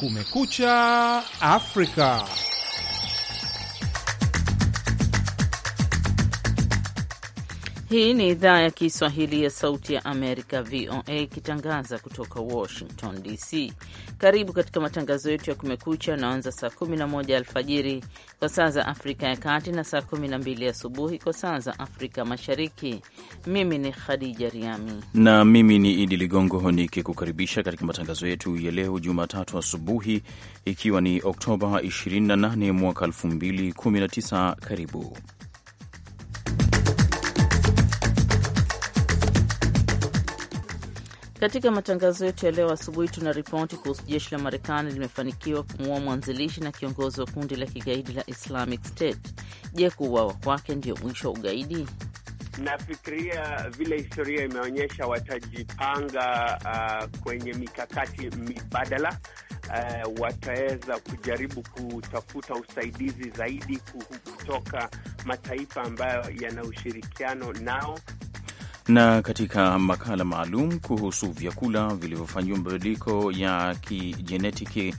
Kumekucha Afrika. Hii ni idhaa ya Kiswahili ya Sauti ya Amerika, VOA, ikitangaza kutoka Washington DC. Karibu katika matangazo yetu ya Kumekucha yanaanza saa 11 alfajiri kwa saa za Afrika ya Kati na saa 12 asubuhi kwa saa za Afrika Mashariki. Mimi ni Khadija Riami na mimi ni Idi Ligongo nikikukaribisha katika matangazo yetu ya leo Jumatatu asubuhi, ikiwa ni Oktoba 28 mwaka 2019. Karibu Katika matangazo yetu ya leo asubuhi, tuna ripoti kuhusu jeshi la Marekani limefanikiwa kumuua mwanzilishi na kiongozi wa kundi la kigaidi la Islamic State. Je, kuuawa kwake ndio mwisho wa ugaidi? Nafikiria vile historia imeonyesha, watajipanga uh, kwenye mikakati mibadala uh, wataweza kujaribu kutafuta usaidizi zaidi kutoka mataifa ambayo yana ushirikiano nao na katika makala maalum kuhusu vyakula vilivyofanyiwa mabadiliko ya kijenetiki.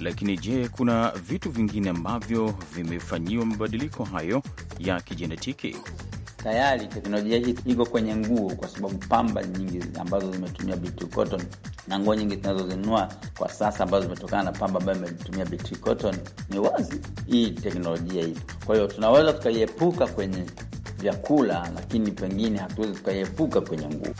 Lakini je, kuna vitu vingine ambavyo vimefanyiwa mabadiliko hayo ya kijenetiki? Tayari teknolojia hii iko kwenye nguo, kwa sababu pamba nyingi ambazo zimetumia BT cotton na nguo nyingi zinazozinunua kwa sasa ambazo zimetokana na pamba ambayo imetumia BT cotton, ni wazi hii teknolojia hii. Kwa hiyo tunaweza tukaiepuka kwenye vyakula, lakini pengine hatuwezi tukaiepuka kwenye nguvu.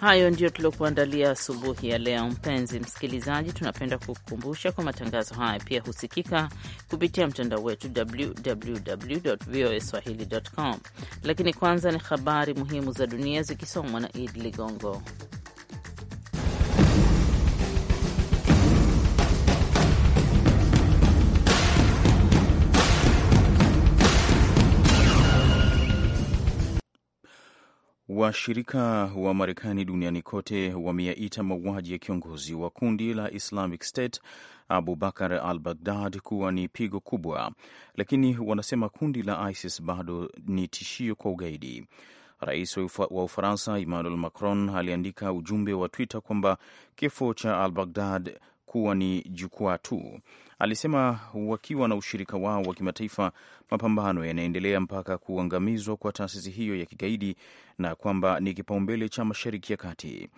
Hayo ndiyo tuliokuandalia asubuhi ya leo. Mpenzi msikilizaji, tunapenda kukukumbusha kwa matangazo haya pia husikika kupitia mtandao wetu www voa swahili.com. Lakini kwanza ni habari muhimu za dunia zikisomwa na Idi Ligongo. Washirika wa Marekani duniani kote wameyaita mauaji ya kiongozi wa kundi la Islamic State Abu Bakar al Baghdad kuwa ni pigo kubwa, lakini wanasema kundi la ISIS bado ni tishio kwa ugaidi. Rais wa Ufaransa Emmanuel Macron aliandika ujumbe wa Twitter kwamba kifo cha al Baghdad kuwa ni jukwaa tu Alisema wakiwa na ushirika wao wa kimataifa, mapambano yanaendelea mpaka kuangamizwa kwa taasisi hiyo ya kigaidi na kwamba ni kipaumbele cha Mashariki ya Kati.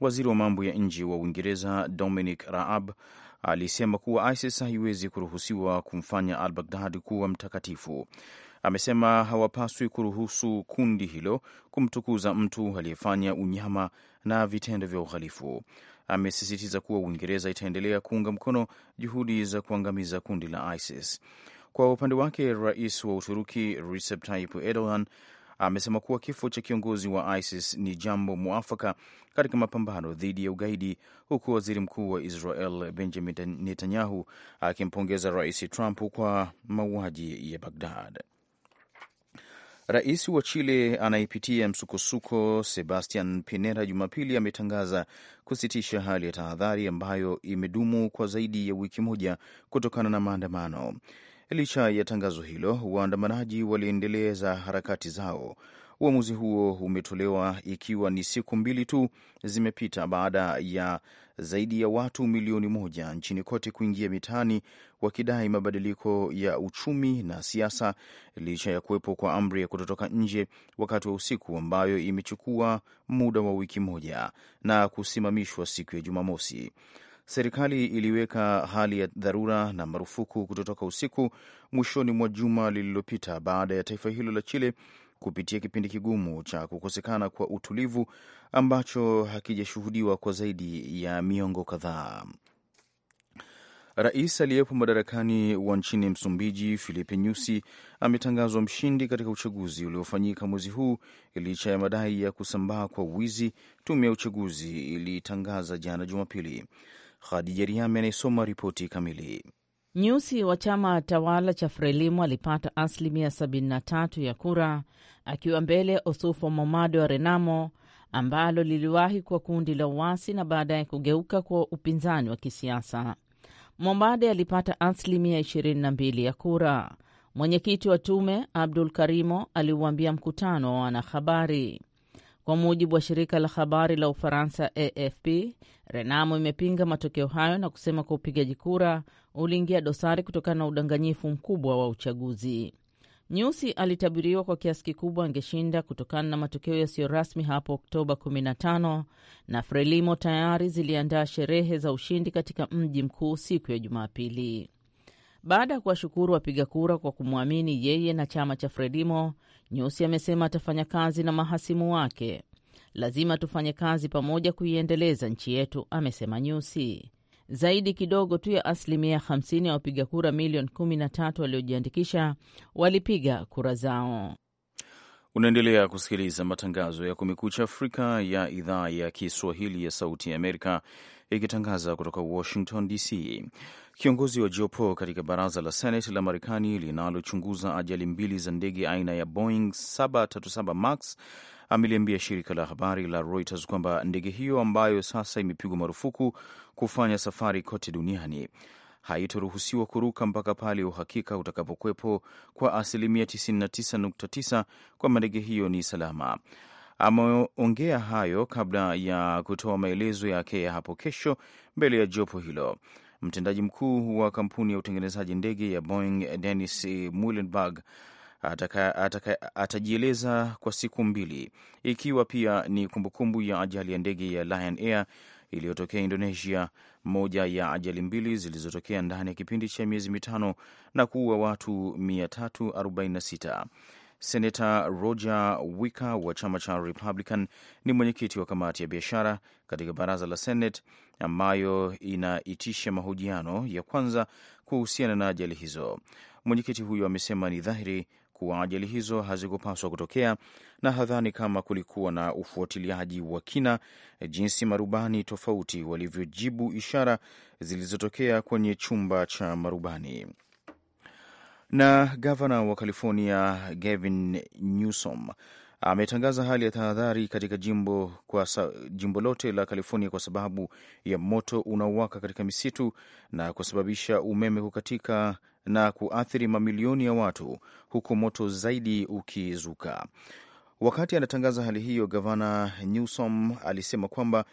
Waziri wa mambo ya nje wa Uingereza Dominic Raab alisema kuwa ISIS haiwezi kuruhusiwa kumfanya al Baghdad kuwa mtakatifu. Amesema hawapaswi kuruhusu kundi hilo kumtukuza mtu aliyefanya unyama na vitendo vya uhalifu amesisitiza kuwa Uingereza itaendelea kuunga mkono juhudi za kuangamiza kundi la ISIS. Kwa upande wake, rais wa Uturuki Recep Tayyip Erdogan amesema kuwa kifo cha kiongozi wa ISIS ni jambo mwafaka katika mapambano dhidi ya ugaidi, huku waziri mkuu wa Israel Benjamin Netanyahu akimpongeza rais Trump kwa mauaji ya Bagdad. Rais wa Chile anayepitia msukosuko Sebastian Pinera Jumapili ametangaza kusitisha hali ya tahadhari ambayo imedumu kwa zaidi ya wiki moja kutokana na maandamano. Licha ya tangazo hilo, waandamanaji waliendeleza harakati zao Uamuzi huo umetolewa ikiwa ni siku mbili tu zimepita baada ya zaidi ya watu milioni moja nchini kote kuingia mitaani wakidai mabadiliko ya uchumi na siasa, licha ya kuwepo kwa amri ya kutotoka nje wakati wa usiku ambayo imechukua muda wa wiki moja na kusimamishwa siku ya Jumamosi. Serikali iliweka hali ya dharura na marufuku kutotoka usiku mwishoni mwa juma lililopita baada ya taifa hilo la Chile kupitia kipindi kigumu cha kukosekana kwa utulivu ambacho hakijashuhudiwa kwa zaidi ya miongo kadhaa. Rais aliyepo madarakani wa nchini Msumbiji, Filipe Nyusi, ametangazwa mshindi katika uchaguzi uliofanyika mwezi huu licha ya madai ya kusambaa kwa wizi, tume ya uchaguzi ilitangaza jana Jumapili. Khadija Riame anayesoma ripoti kamili. Nyusi wa chama tawala cha Frelimu alipata asilimia 73 ya kura akiwa mbele ya Osufu Momade wa Renamo ambalo liliwahi kuwa kundi la uasi na baadaye kugeuka kwa upinzani wa kisiasa. Momade alipata asilimia 22 ya kura. Mwenyekiti wa tume Abdul Karimo aliuambia mkutano wa wanahabari kwa mujibu wa shirika la habari la Ufaransa AFP, Renamo imepinga matokeo hayo na kusema kwa upigaji kura uliingia dosari kutokana na udanganyifu mkubwa wa uchaguzi. Nyusi alitabiriwa kwa kiasi kikubwa angeshinda kutokana na matokeo yasiyo rasmi hapo Oktoba 15 na Frelimo tayari ziliandaa sherehe za ushindi katika mji mkuu siku ya Jumapili baada ya kuwashukuru wapiga kura kwa kumwamini yeye na chama cha Frelimo Nyusi amesema atafanya kazi na mahasimu wake. Lazima tufanye kazi pamoja kuiendeleza nchi yetu, amesema Nyusi. Zaidi kidogo tu ya asilimia 50 ya wapiga kura milioni 13 waliojiandikisha walipiga kura zao. Unaendelea kusikiliza matangazo ya Kumekucha Afrika ya idhaa ya Kiswahili ya Sauti ya Amerika ikitangaza kutoka Washington DC. Kiongozi wa jopo katika baraza la Senate la Marekani linalochunguza ajali mbili za ndege aina ya Boeing 737 Max ameliambia shirika la habari la Reuters kwamba ndege hiyo ambayo sasa imepigwa marufuku kufanya safari kote duniani haitoruhusiwa kuruka mpaka pale uhakika utakapokwepo kwa asilimia 99.9 kwamba ndege hiyo ni salama ameongea hayo kabla ya kutoa maelezo yake ya hapo kesho mbele ya jopo hilo. Mtendaji mkuu wa kampuni ya utengenezaji ndege ya Boeing Dennis Muilenburg atajieleza kwa siku mbili, ikiwa pia ni kumbukumbu ya ajali ya ndege ya Lion Air iliyotokea Indonesia, moja ya ajali mbili zilizotokea ndani ya kipindi cha miezi mitano na kuua watu 346. Senata Roger Wicker wa chama cha Republican ni mwenyekiti wa kamati ya biashara katika baraza la Senate ambayo inaitisha mahojiano ya kwanza kuhusiana na ajali hizo. Mwenyekiti huyo amesema ni dhahiri kuwa ajali hizo hazikupaswa kutokea na hadhani kama kulikuwa na ufuatiliaji wa kina jinsi marubani tofauti walivyojibu ishara zilizotokea kwenye chumba cha marubani. Na gavana wa California Gavin Newsom ametangaza hali ya tahadhari katika jimbo, kwa sa, jimbo lote la California kwa sababu ya moto unaowaka katika misitu na kusababisha umeme kukatika na kuathiri mamilioni ya watu huku moto zaidi ukizuka. Wakati anatangaza hali hiyo, gavana Newsom alisema kwamba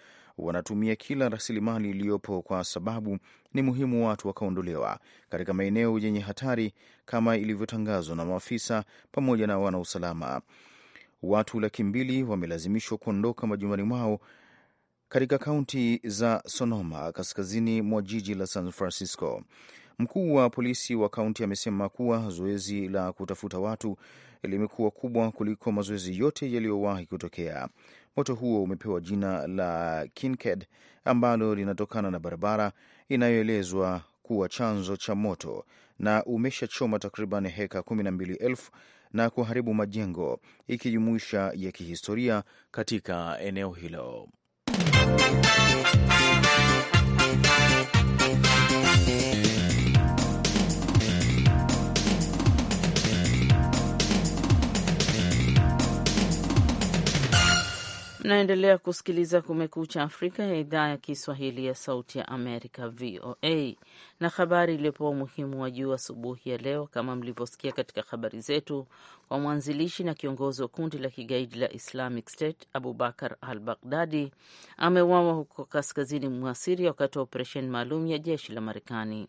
wanatumia kila rasilimali iliyopo kwa sababu ni muhimu watu wakaondolewa katika maeneo yenye hatari kama ilivyotangazwa na maafisa pamoja na wanausalama. Watu laki mbili wamelazimishwa kuondoka majumbani mwao katika kaunti za Sonoma, kaskazini mwa jiji la San Francisco. Mkuu wa polisi wa kaunti amesema kuwa zoezi la kutafuta watu limekuwa kubwa kuliko mazoezi yote yaliyowahi kutokea. Moto huo umepewa jina la Kinked ambalo linatokana na barabara inayoelezwa kuwa chanzo cha moto na umeshachoma takriban heka 12,000 na kuharibu majengo ikijumuisha ya kihistoria katika eneo hilo. Mnaendelea kusikiliza Kumekucha Afrika ya idhaa ya Kiswahili ya Sauti ya Amerika, VOA. Na habari iliyopewa umuhimu wa juu asubuhi ya leo, kama mlivyosikia katika habari zetu, kwa mwanzilishi na kiongozi wa kundi la kigaidi la Islamic State Abubakar al Baghdadi ameuawa huko kaskazini mwa Siria wakati wa operesheni maalum ya jeshi la Marekani.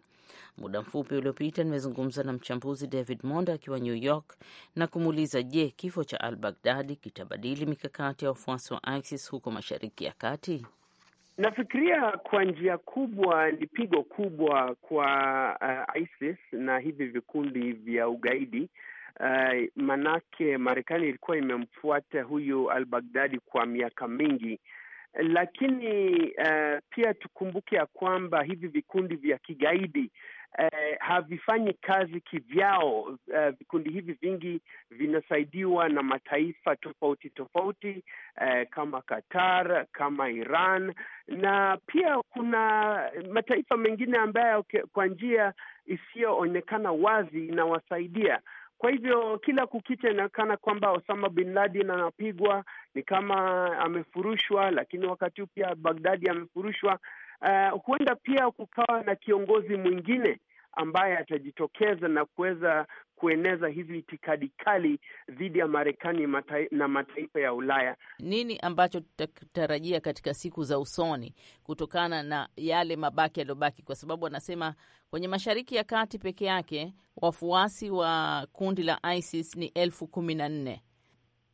Muda mfupi uliopita nimezungumza na mchambuzi David Monda akiwa New York na kumuuliza, je, kifo cha al Baghdadi kitabadili mikakati ya wafuasi wa ISIS huko Mashariki ya Kati? Nafikiria kwa njia kubwa ni pigo kubwa kwa uh, ISIS na hivi vikundi vya ugaidi uh, manake Marekani ilikuwa imemfuata huyu al-Baghdadi kwa miaka mingi, lakini uh, pia tukumbuke ya kwamba hivi vikundi vya kigaidi eh, havifanyi kazi kivyao. Eh, vikundi hivi vingi vinasaidiwa na mataifa tofauti tofauti eh, kama Qatar, kama Iran na pia kuna mataifa mengine ambayo kwa njia isiyoonekana wazi inawasaidia. Kwa hivyo kila kukicha inaonekana kwamba Osama bin Laden anapigwa, ni kama amefurushwa, lakini wakati huu pia Bagdadi amefurushwa. Uh, huenda pia kukawa na kiongozi mwingine ambaye atajitokeza na kuweza kueneza hizi itikadi kali dhidi ya Marekani matai na mataifa ya Ulaya. Nini ambacho tutatarajia katika siku za usoni kutokana na yale mabaki yaliyobaki? Kwa sababu wanasema kwenye Mashariki ya Kati peke yake wafuasi wa kundi la ISIS ni elfu kumi na nne.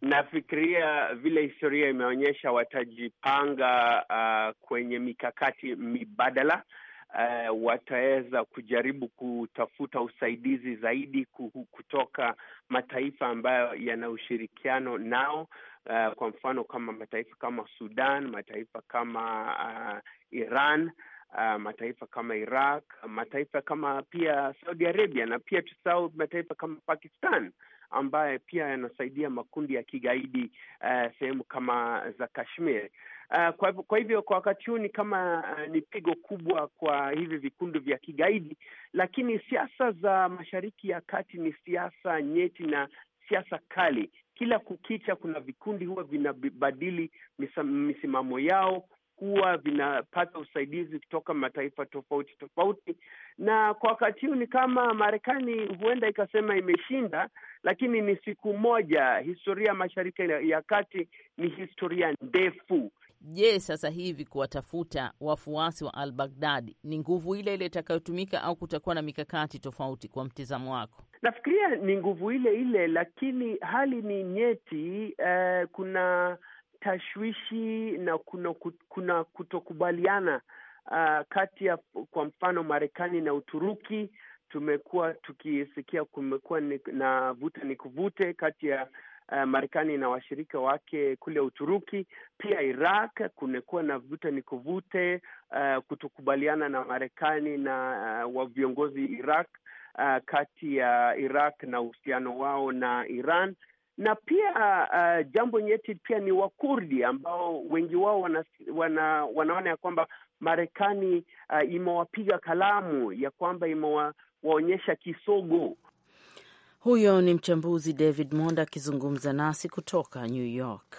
Nafikiria vile historia imeonyesha watajipanga uh, kwenye mikakati mibadala uh, wataweza kujaribu kutafuta usaidizi zaidi kutoka mataifa ambayo yana ushirikiano nao. Uh, kwa mfano kama mataifa kama Sudan, mataifa kama uh, Iran Uh, mataifa kama Iraq, mataifa kama pia Saudi Arabia na pia tusahau mataifa kama Pakistan ambaye pia yanasaidia makundi ya kigaidi uh, sehemu kama za Kashmir. Uh, kwa, kwa hivyo kwa wakati huu ni kama uh, ni pigo kubwa kwa hivi vikundi vya kigaidi, lakini siasa za Mashariki ya Kati ni siasa nyeti na siasa kali. Kila kukicha kuna vikundi huwa vinabadili misimamo yao kuwa vinapata usaidizi kutoka mataifa tofauti tofauti, na kwa wakati huu ni kama Marekani huenda ikasema imeshinda, lakini ni siku moja. Historia ya Mashariki ya Kati ni historia ndefu. Je, sasa hivi kuwatafuta wafuasi wa al Baghdadi ni nguvu ile ile itakayotumika au kutakuwa na mikakati tofauti kwa mtizamo wako? Nafikiria ni nguvu ile ile, lakini hali ni nyeti. Eh, kuna tashwishi na kuna, kuna kutokubaliana uh, kati ya kwa mfano Marekani na Uturuki. Tumekuwa tukisikia kumekuwa na vuta ni kuvute kati ya uh, Marekani na washirika wake kule Uturuki. Pia Iraq kumekuwa na vuta ni kuvute uh, kutokubaliana na Marekani na uh, wa viongozi Iraq uh, kati ya Iraq na uhusiano wao na Iran na pia uh, jambo nyeti pia ni Wakurdi ambao wengi wao wana, wana, wanaona ya kwamba Marekani uh, imewapiga kalamu ya kwamba imewaonyesha kisogo. Huyo ni mchambuzi David Monda akizungumza nasi kutoka New York.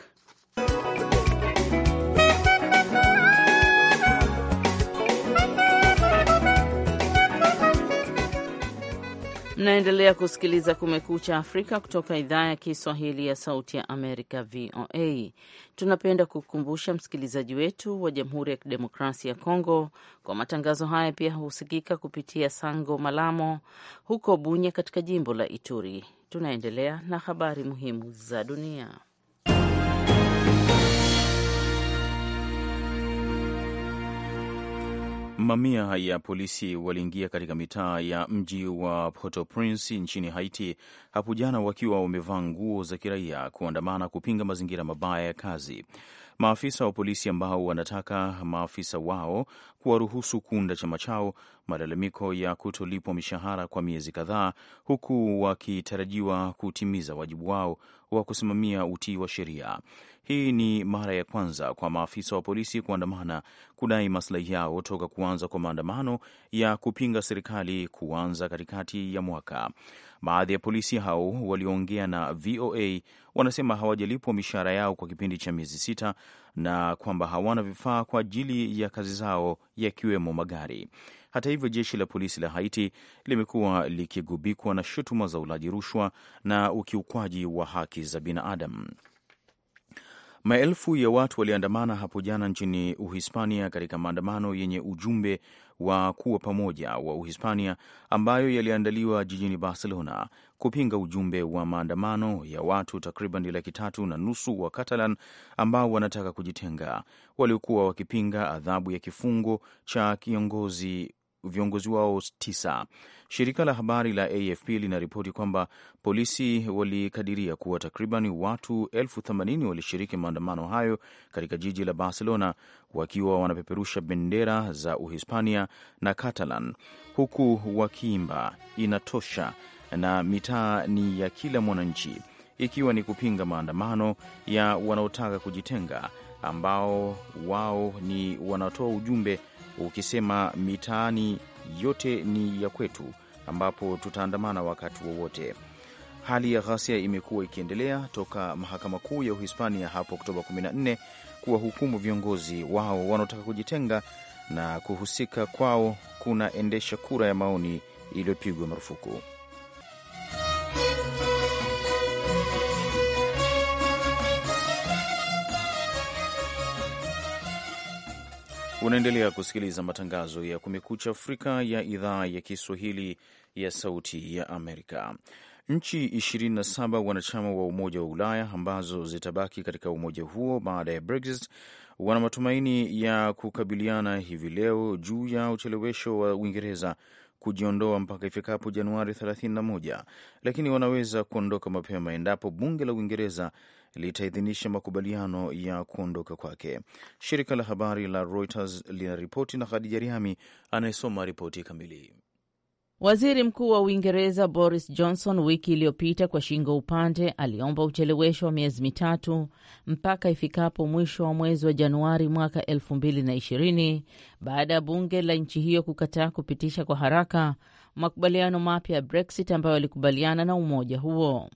Mnaendelea kusikiliza Kumekucha Afrika kutoka idhaa ya Kiswahili ya Sauti ya Amerika, VOA. Tunapenda kukumbusha msikilizaji wetu wa Jamhuri ya Kidemokrasia ya Kongo kwa matangazo haya pia husikika kupitia Sango Malamo huko Bunya katika jimbo la Ituri. Tunaendelea na habari muhimu za dunia. Mamia ya polisi waliingia katika mitaa ya mji wa Port-au-Prince nchini Haiti hapo jana wakiwa wamevaa nguo za kiraia kuandamana kupinga mazingira mabaya ya kazi. Maafisa wa polisi ambao wanataka maafisa wao kuwaruhusu kuunda chama chao malalamiko ya kutolipwa mishahara kwa miezi kadhaa, huku wakitarajiwa kutimiza wajibu wao wa kusimamia utii wa sheria. Hii ni mara ya kwanza kwa maafisa wa polisi kuandamana kudai maslahi yao toka kuanza kwa maandamano ya kupinga serikali kuanza katikati ya mwaka. Baadhi ya polisi hao walioongea na VOA wanasema hawajalipwa mishahara yao kwa kipindi cha miezi sita na kwamba hawana vifaa kwa ajili ya kazi zao yakiwemo magari. Hata hivyo, jeshi la polisi la Haiti limekuwa likigubikwa na shutuma za ulaji rushwa na ukiukwaji wa haki za binadamu. Maelfu ya watu waliandamana hapo jana nchini Uhispania katika maandamano yenye ujumbe wa kuwa pamoja wa Uhispania ambayo yaliandaliwa jijini Barcelona kupinga ujumbe wa maandamano ya watu takriban laki tatu na nusu wa Catalan ambao wanataka kujitenga, waliokuwa wakipinga adhabu ya kifungo cha kiongozi viongozi wao tisa. Shirika la habari la AFP linaripoti kwamba polisi walikadiria kuwa takriban watu elfu themanini walishiriki maandamano hayo katika jiji la Barcelona wakiwa wanapeperusha bendera za Uhispania na Catalan huku wakiimba inatosha na mitaa ni ya kila mwananchi, ikiwa ni kupinga maandamano ya wanaotaka kujitenga ambao wao ni wanatoa ujumbe ukisema mitaani yote ni ya kwetu, ambapo tutaandamana wakati wowote. Hali ya ghasia imekuwa ikiendelea toka mahakama kuu ya Uhispania hapo Oktoba 14 kuwahukumu viongozi wao wanaotaka kujitenga na kuhusika kwao kunaendesha kura ya maoni iliyopigwa marufuku. Unaendelea kusikiliza matangazo ya Kumekucha Afrika ya idhaa ya Kiswahili ya Sauti ya Amerika. Nchi 27 wanachama wa Umoja wa Ulaya ambazo zitabaki katika umoja huo baada ya Brexit wana matumaini ya kukabiliana hivi leo juu ya uchelewesho wa Uingereza kujiondoa mpaka ifikapo Januari 31, lakini wanaweza kuondoka mapema endapo bunge la Uingereza litaidhinisha makubaliano ya kuondoka kwake. Shirika la habari la Reuters ripoti na Khadija Riami anayesoma ripoti kamili. Waziri Mkuu wa Uingereza Boris Johnson wiki iliyopita kwa shingo upande aliomba uchelewesho wa miezi mitatu mpaka ifikapo mwisho wa mwezi wa Januari mwaka 2020 baada ya bunge la nchi hiyo kukataa kupitisha kwa haraka makubaliano mapya ya Brexit ambayo yalikubaliana na umoja huo.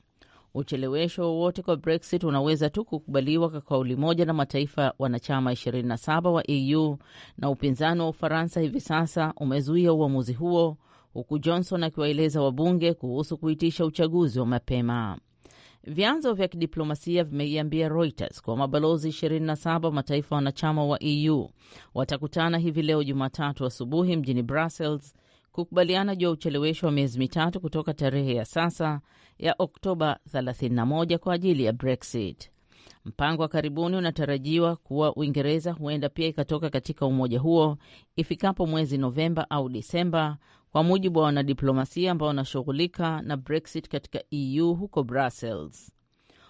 Uchelewesho wowote kwa Brexit unaweza tu kukubaliwa kwa kauli moja na mataifa wanachama 27 wa EU, na upinzani wa Ufaransa hivi sasa umezuia uamuzi huo, huku Johnson akiwaeleza wabunge kuhusu kuitisha uchaguzi wa mapema. Vyanzo vya kidiplomasia vimeiambia Reuters kuwa mabalozi 27 wa mataifa wanachama wa EU watakutana hivi leo Jumatatu asubuhi mjini Brussels kukubaliana juu ya uchelewesho wa miezi mitatu kutoka tarehe ya sasa ya Oktoba 31 kwa ajili ya Brexit. Mpango wa karibuni unatarajiwa kuwa Uingereza huenda pia ikatoka katika umoja huo ifikapo mwezi Novemba au Disemba, kwa mujibu wa wanadiplomasia ambao wanashughulika na Brexit katika EU huko Brussels.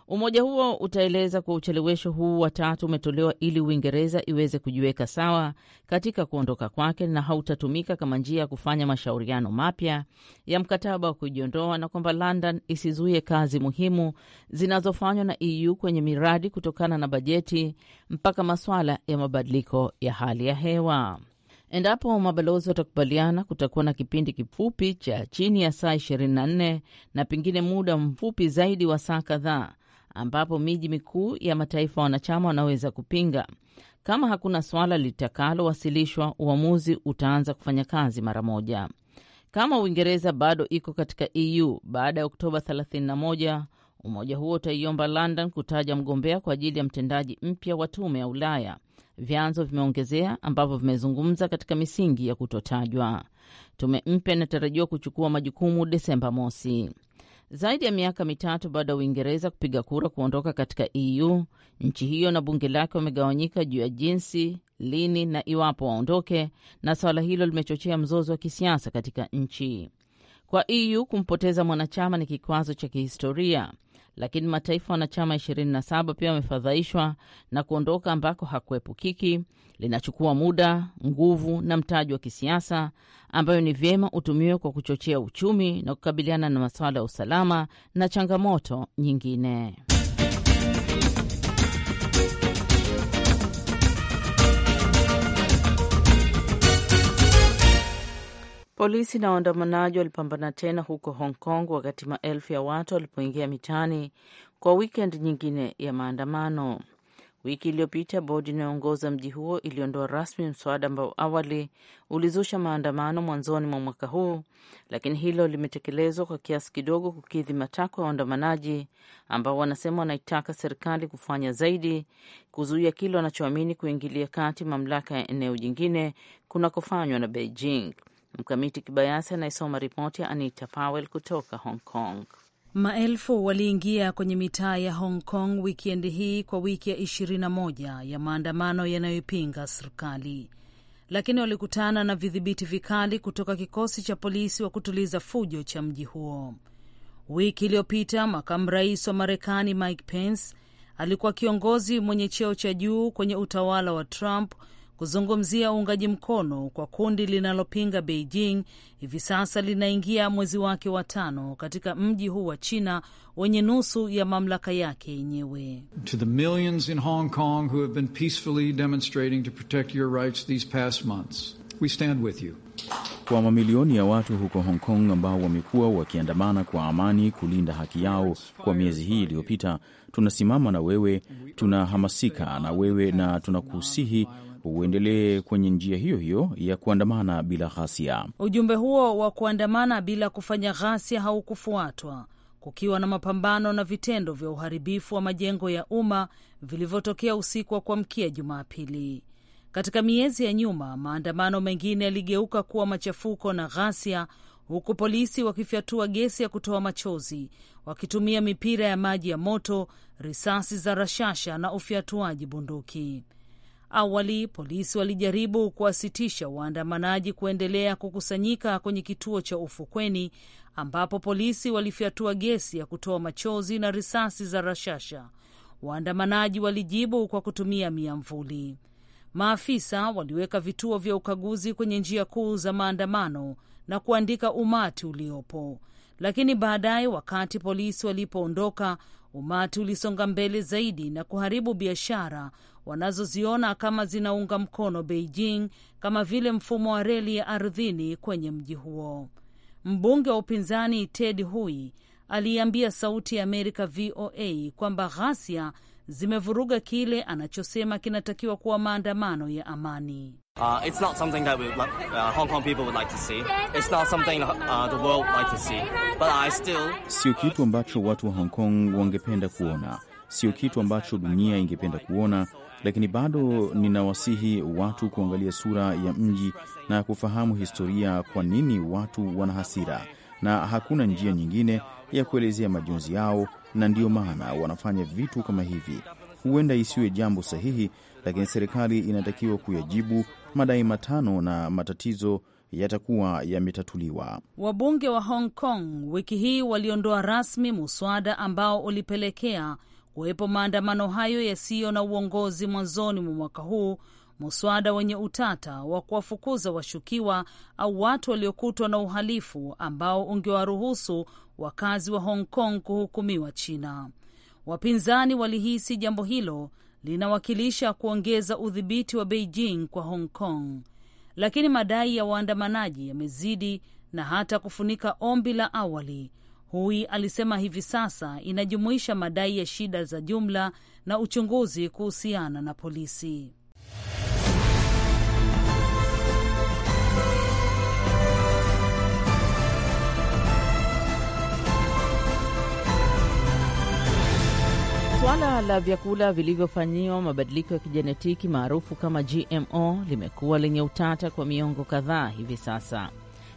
Umoja huo utaeleza kuwa uchelewesho huu wa tatu umetolewa ili Uingereza iweze kujiweka sawa katika kuondoka kwake na hautatumika kama njia ya kufanya mashauriano mapya ya mkataba wa kujiondoa na kwamba London isizuie kazi muhimu zinazofanywa na EU kwenye miradi kutokana na bajeti mpaka masuala ya mabadiliko ya hali ya hewa. Endapo mabalozi watakubaliana, kutakuwa na kipindi kifupi cha chini ya saa 24 na pengine muda mfupi zaidi wa saa kadhaa ambapo miji mikuu ya mataifa wanachama wanaweza kupinga. Kama hakuna swala litakalowasilishwa, uamuzi utaanza kufanya kazi mara moja. Kama Uingereza bado iko katika EU baada ya Oktoba 31, umoja huo utaiomba London kutaja mgombea kwa ajili ya mtendaji mpya wa tume ya Ulaya, vyanzo vimeongezea ambavyo vimezungumza katika misingi ya kutotajwa. Tume mpya inatarajiwa kuchukua majukumu Desemba mosi. Zaidi ya miaka mitatu baada ya Uingereza kupiga kura kuondoka katika EU, nchi hiyo na bunge lake wamegawanyika juu ya jinsi, lini na iwapo waondoke, na suala hilo limechochea mzozo wa kisiasa katika nchi. Kwa EU kumpoteza mwanachama ni kikwazo cha kihistoria lakini mataifa wanachama 27 pia wamefadhaishwa na kuondoka ambako hakuepukiki. Linachukua muda, nguvu na mtaji wa kisiasa ambayo ni vyema utumiwe kwa kuchochea uchumi na kukabiliana na masuala ya usalama na changamoto nyingine. Polisi na waandamanaji walipambana tena huko Hong Kong wakati maelfu ya watu walipoingia mitaani kwa wikend nyingine ya maandamano. Wiki iliyopita bodi inayoongoza mji huo iliondoa rasmi mswada ambao awali ulizusha maandamano mwanzoni mwa mwaka huu, lakini hilo limetekelezwa kwa kiasi kidogo kukidhi matakwa ya waandamanaji ambao wanasema wanaitaka serikali kufanya zaidi kuzuia kile wanachoamini kuingilia kati mamlaka ya eneo jingine kunakofanywa na Beijing. Mkamiti Kibayasi anayesoma ripoti ya Anita Powell kutoka Hong Kong. Maelfu waliingia kwenye mitaa ya Hong Kong wikendi hii kwa wiki ya 21 ya maandamano yanayoipinga serikali, lakini walikutana na vidhibiti vikali kutoka kikosi cha polisi wa kutuliza fujo cha mji huo. Wiki iliyopita makamu rais wa Marekani Mike Pence alikuwa kiongozi mwenye cheo cha juu kwenye utawala wa Trump kuzungumzia uungaji mkono kwa kundi linalopinga Beijing hivi sasa linaingia mwezi wake wa tano katika mji huu wa China wenye nusu ya mamlaka yake yenyewe. Kwa mamilioni ya watu huko Hong Kong ambao wamekuwa wakiandamana kwa amani kulinda haki yao kwa miezi hii iliyopita, tunasimama na wewe, tunahamasika na wewe na tunakusihi uendelee kwenye njia hiyo hiyo ya kuandamana bila ghasia. Ujumbe huo wa kuandamana bila kufanya ghasia haukufuatwa, kukiwa na mapambano na vitendo vya uharibifu wa majengo ya umma vilivyotokea usiku wa kuamkia Jumapili. Katika miezi ya nyuma, maandamano mengine yaligeuka kuwa machafuko na ghasia, huku polisi wakifyatua gesi ya kutoa machozi, wakitumia mipira ya maji ya moto, risasi za rashasha na ufyatuaji bunduki. Awali polisi walijaribu kuwasitisha waandamanaji kuendelea kukusanyika kwenye kituo cha ufukweni ambapo polisi walifyatua gesi ya kutoa machozi na risasi za rashasha. Waandamanaji walijibu kwa kutumia miamvuli. Maafisa waliweka vituo vya ukaguzi kwenye njia kuu za maandamano na kuandika umati uliopo, lakini baadaye, wakati polisi walipoondoka, Umati ulisonga mbele zaidi na kuharibu biashara wanazoziona kama zinaunga mkono Beijing kama vile mfumo wa reli ya ardhini kwenye mji huo. Mbunge wa upinzani Ted Hui aliiambia Sauti ya Amerika VOA kwamba ghasia zimevuruga kile anachosema kinatakiwa kuwa maandamano ya amani. Uh, uh, uh, sio kitu ambacho watu wa Hong Kong wangependa kuona, sio kitu ambacho dunia ingependa kuona, lakini bado ninawasihi watu kuangalia sura ya mji na kufahamu historia, kwa nini watu wana hasira, na hakuna njia nyingine ya kuelezea majonzi yao na ndiyo maana wanafanya vitu kama hivi. Huenda isiwe jambo sahihi, lakini serikali inatakiwa kuyajibu madai matano na matatizo yatakuwa yametatuliwa. Wabunge wa Hong Kong wiki hii waliondoa rasmi muswada ambao ulipelekea kuwepo maandamano hayo yasiyo na uongozi mwanzoni mwa mwaka huu muswada wenye utata wa kuwafukuza washukiwa au watu waliokutwa na uhalifu ambao ungewaruhusu wakazi wa Hong Kong kuhukumiwa China. Wapinzani walihisi jambo hilo linawakilisha kuongeza udhibiti wa Beijing kwa Hong Kong, lakini madai ya waandamanaji yamezidi na hata kufunika ombi la awali. Hui alisema hivi sasa inajumuisha madai ya shida za jumla na uchunguzi kuhusiana na polisi. Suala la vyakula vilivyofanyiwa mabadiliko ya kijenetiki maarufu kama GMO limekuwa lenye utata kwa miongo kadhaa hivi sasa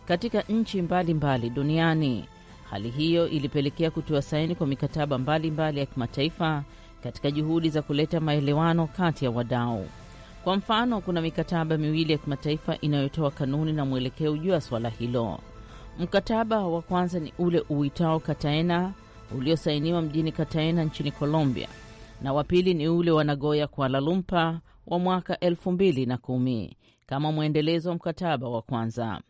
katika nchi mbalimbali duniani. Hali hiyo ilipelekea kutiwa saini kwa mikataba mbalimbali mbali ya kimataifa katika juhudi za kuleta maelewano kati ya wadau. Kwa mfano, kuna mikataba miwili ya kimataifa inayotoa kanuni na mwelekeo juu ya suala hilo. Mkataba wa kwanza ni ule uitao Kataena uliosainiwa mjini Cartagena nchini Colombia na wa pili ni ule wa Nagoya Kuala Lumpur wa mwaka elfu mbili na kumi kama mwendelezo wa mkataba wa kwanza.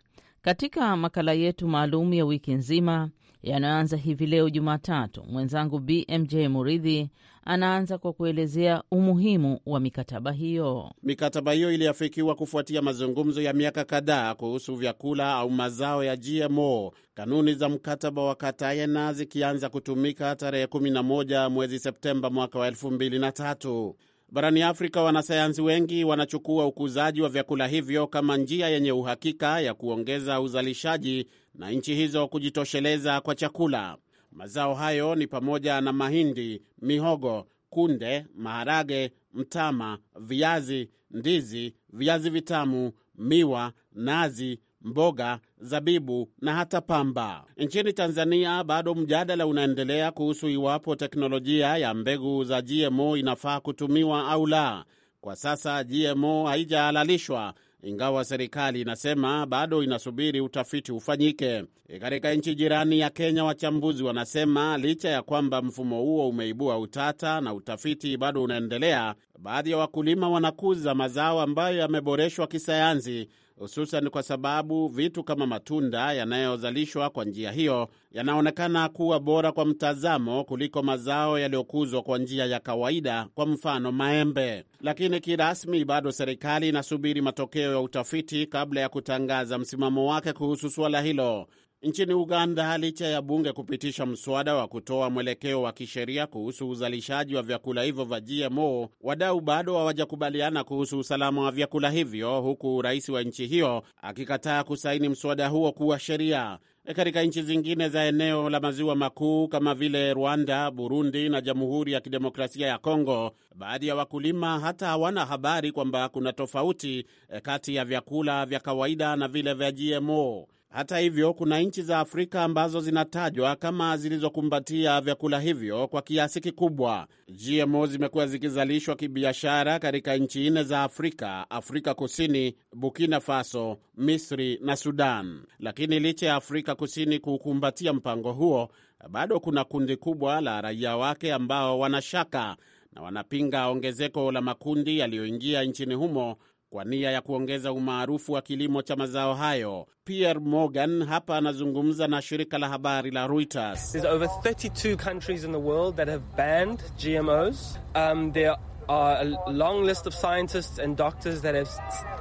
Katika makala yetu maalum ya wiki nzima yanayoanza hivi leo Jumatatu. Mwenzangu BMJ Muridhi anaanza kwa kuelezea umuhimu wa mikataba hiyo. Mikataba hiyo iliafikiwa kufuatia mazungumzo ya miaka kadhaa kuhusu vyakula au mazao ya GMO, kanuni za mkataba wa Katayena zikianza kutumika tarehe 11 mwezi Septemba mwaka wa 2003. Barani Afrika, wanasayansi wengi wanachukua ukuzaji wa vyakula hivyo kama njia yenye uhakika ya kuongeza uzalishaji na nchi hizo kujitosheleza kwa chakula. Mazao hayo ni pamoja na mahindi, mihogo, kunde, maharage, mtama, viazi, ndizi, viazi vitamu, miwa, nazi, mboga, zabibu na hata pamba. Nchini Tanzania bado mjadala unaendelea kuhusu iwapo teknolojia ya mbegu za GMO inafaa kutumiwa au la. Kwa sasa GMO haijahalalishwa ingawa serikali inasema bado inasubiri utafiti ufanyike. E, katika nchi jirani ya Kenya, wachambuzi wanasema licha ya kwamba mfumo huo umeibua utata na utafiti bado unaendelea, baadhi ya wakulima wanakuza mazao ambayo yameboreshwa kisayansi hususan kwa sababu vitu kama matunda yanayozalishwa kwa njia hiyo yanaonekana kuwa bora kwa mtazamo kuliko mazao yaliyokuzwa kwa njia ya kawaida, kwa mfano maembe. Lakini kirasmi, bado serikali inasubiri matokeo ya utafiti kabla ya kutangaza msimamo wake kuhusu suala hilo. Nchini Uganda, licha ya bunge kupitisha mswada wa kutoa mwelekeo wa kisheria kuhusu uzalishaji wa vyakula hivyo vya GMO, wadau bado hawajakubaliana kuhusu usalama wa vyakula hivyo, huku rais wa nchi hiyo akikataa kusaini mswada huo kuwa sheria. E, katika nchi zingine za eneo la maziwa makuu kama vile Rwanda, Burundi na Jamhuri ya Kidemokrasia ya Kongo, baadhi ya wakulima hata hawana habari kwamba kuna tofauti e, kati ya vyakula vya kawaida na vile vya GMO. Hata hivyo, kuna nchi za Afrika ambazo zinatajwa kama zilizokumbatia vyakula hivyo kwa kiasi kikubwa. GMO zimekuwa zikizalishwa kibiashara katika nchi nne za Afrika: Afrika Kusini, Burkina Faso, Misri na Sudan. Lakini licha ya Afrika Kusini kukumbatia mpango huo, bado kuna kundi kubwa la raia wake ambao wanashaka na wanapinga ongezeko la makundi yaliyoingia nchini humo kwa nia ya kuongeza umaarufu wa kilimo cha mazao hayo. Pierre Morgan hapa anazungumza na shirika la habari la Reuters. There's over 32 countries in the world that have banned GMOs. Um, there are a long list of scientists and doctors that have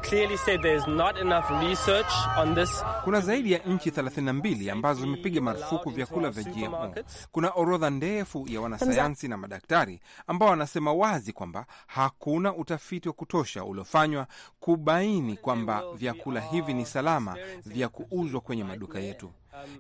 clearly said there is not enough research on this. Kuna zaidi ya nchi 32 ambazo zimepiga marufuku vyakula vya GMO. Kuna orodha ndefu ya wanasayansi na madaktari ambao wanasema wazi kwamba hakuna utafiti wa kutosha uliofanywa kubaini kwamba vyakula hivi ni salama vya kuuzwa kwenye maduka yetu.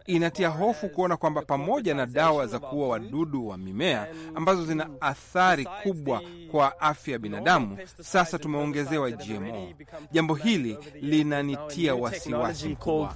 Inatia hofu kuona kwamba pamoja na dawa za kuua wadudu wa mimea ambazo zina athari kubwa kwa afya ya binadamu, sasa tumeongezewa GMO. Jambo hili linanitia wasiwasi mkubwa.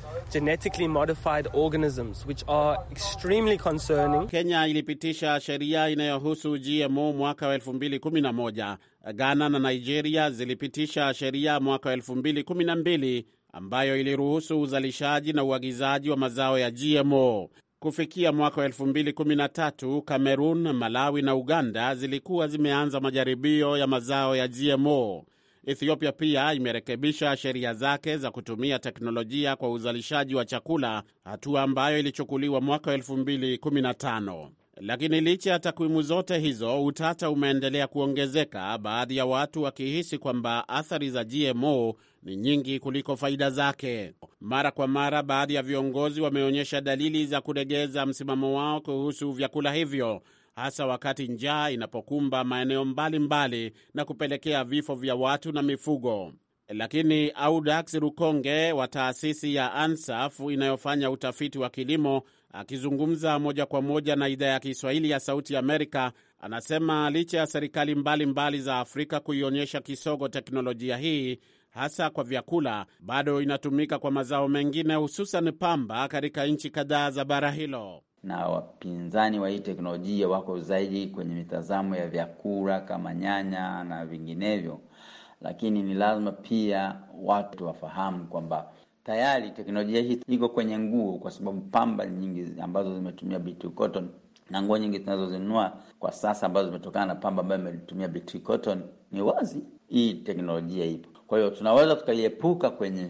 Kenya ilipitisha sheria inayohusu GMO mwaka wa 2011. Ghana na Nigeria zilipitisha sheria mwaka wa 2012 ambayo iliruhusu uzalishaji na uagizaji wa mazao ya GMO. Kufikia mwaka wa 2013 Kamerun, Malawi na Uganda zilikuwa zimeanza majaribio ya mazao ya GMO. Ethiopia pia imerekebisha sheria zake za kutumia teknolojia kwa uzalishaji wa chakula, hatua ambayo ilichukuliwa mwaka wa 2015. Lakini licha ya takwimu zote hizo, utata umeendelea kuongezeka, baadhi ya watu wakihisi kwamba athari za GMO ni nyingi kuliko faida zake. Mara kwa mara, baadhi ya viongozi wameonyesha dalili za kuregeza msimamo wao kuhusu vyakula hivyo, hasa wakati njaa inapokumba maeneo mbalimbali mbali na kupelekea vifo vya watu na mifugo. Lakini Audax Rukonge wa taasisi ya ANSAF inayofanya utafiti wa kilimo, akizungumza moja kwa moja na idhaa ya Kiswahili ya Sauti Amerika, anasema licha ya serikali mbalimbali mbali za Afrika kuionyesha kisogo teknolojia hii hasa kwa vyakula, bado inatumika kwa mazao mengine, hususan pamba, katika nchi kadhaa za bara hilo na wapinzani wa hii teknolojia wako zaidi kwenye mitazamo ya vyakula kama nyanya na vinginevyo, lakini ni lazima pia watu wafahamu kwamba tayari teknolojia hii iko kwenye nguo, kwa sababu pamba nyingi ambazo zimetumia BT cotton na nguo nyingi zinazozinunua kwa sasa ambazo zimetokana na pamba ambayo imetumia BT cotton, ni wazi hii teknolojia ipo. Kwa hiyo tunaweza tukaiepuka kwenye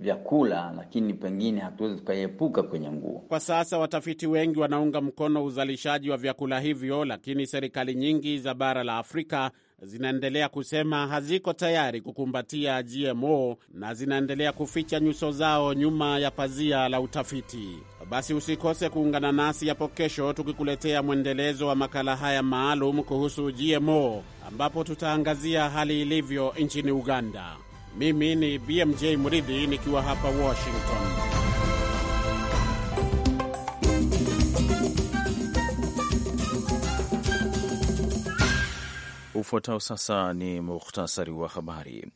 vyakula lakini pengine hatuwezi tukaiepuka kwenye nguo. Kwa sasa watafiti wengi wanaunga mkono uzalishaji wa vyakula hivyo, lakini serikali nyingi za bara la Afrika zinaendelea kusema haziko tayari kukumbatia GMO na zinaendelea kuficha nyuso zao nyuma ya pazia la utafiti. Basi usikose kuungana nasi hapo kesho tukikuletea mwendelezo wa makala haya maalum kuhusu GMO ambapo tutaangazia hali ilivyo nchini Uganda. Mimi ni BMJ Mridhi nikiwa hapa Washington. Ufuatao sasa ni muhtasari wa habari.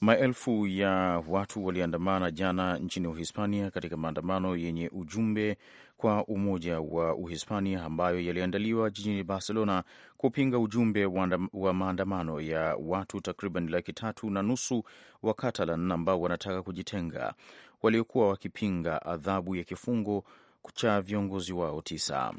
Maelfu ya watu waliandamana jana nchini Uhispania katika maandamano yenye ujumbe kwa umoja wa Uhispania ambayo yaliandaliwa jijini Barcelona kupinga ujumbe wa maandamano ya watu takriban laki tatu na nusu wa Catalan ambao wanataka kujitenga, waliokuwa wakipinga adhabu ya kifungo cha viongozi wao tisa.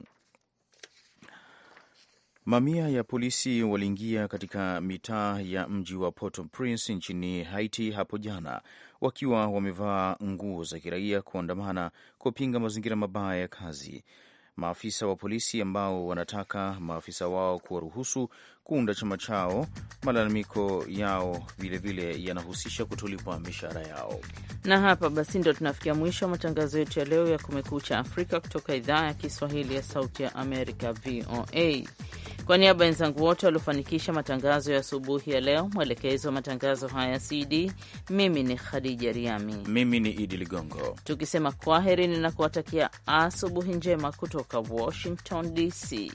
Mamia ya polisi waliingia katika mitaa ya mji wa Port-au-Prince nchini Haiti hapo jana wakiwa wamevaa nguo za kiraia kuandamana kupinga mazingira mabaya ya kazi. Maafisa wa polisi ambao wanataka maafisa wao kuwaruhusu kuunda chama chao. Malalamiko yao vilevile yanahusisha kutolipwa mishahara yao. Na hapa basi ndo tunafikia mwisho wa matangazo yetu ya leo ya Kumekucha Afrika kutoka idhaa ya Kiswahili ya Sauti ya Amerika, VOA. Kwa niaba ya wenzangu wote waliofanikisha matangazo ya asubuhi ya leo, mwelekezi wa matangazo haya CD, mimi ni Khadija Riami, mimi ni Idi Ligongo, tukisema kwaherini na kuwatakia asubuhi njema kutoka Washington DC.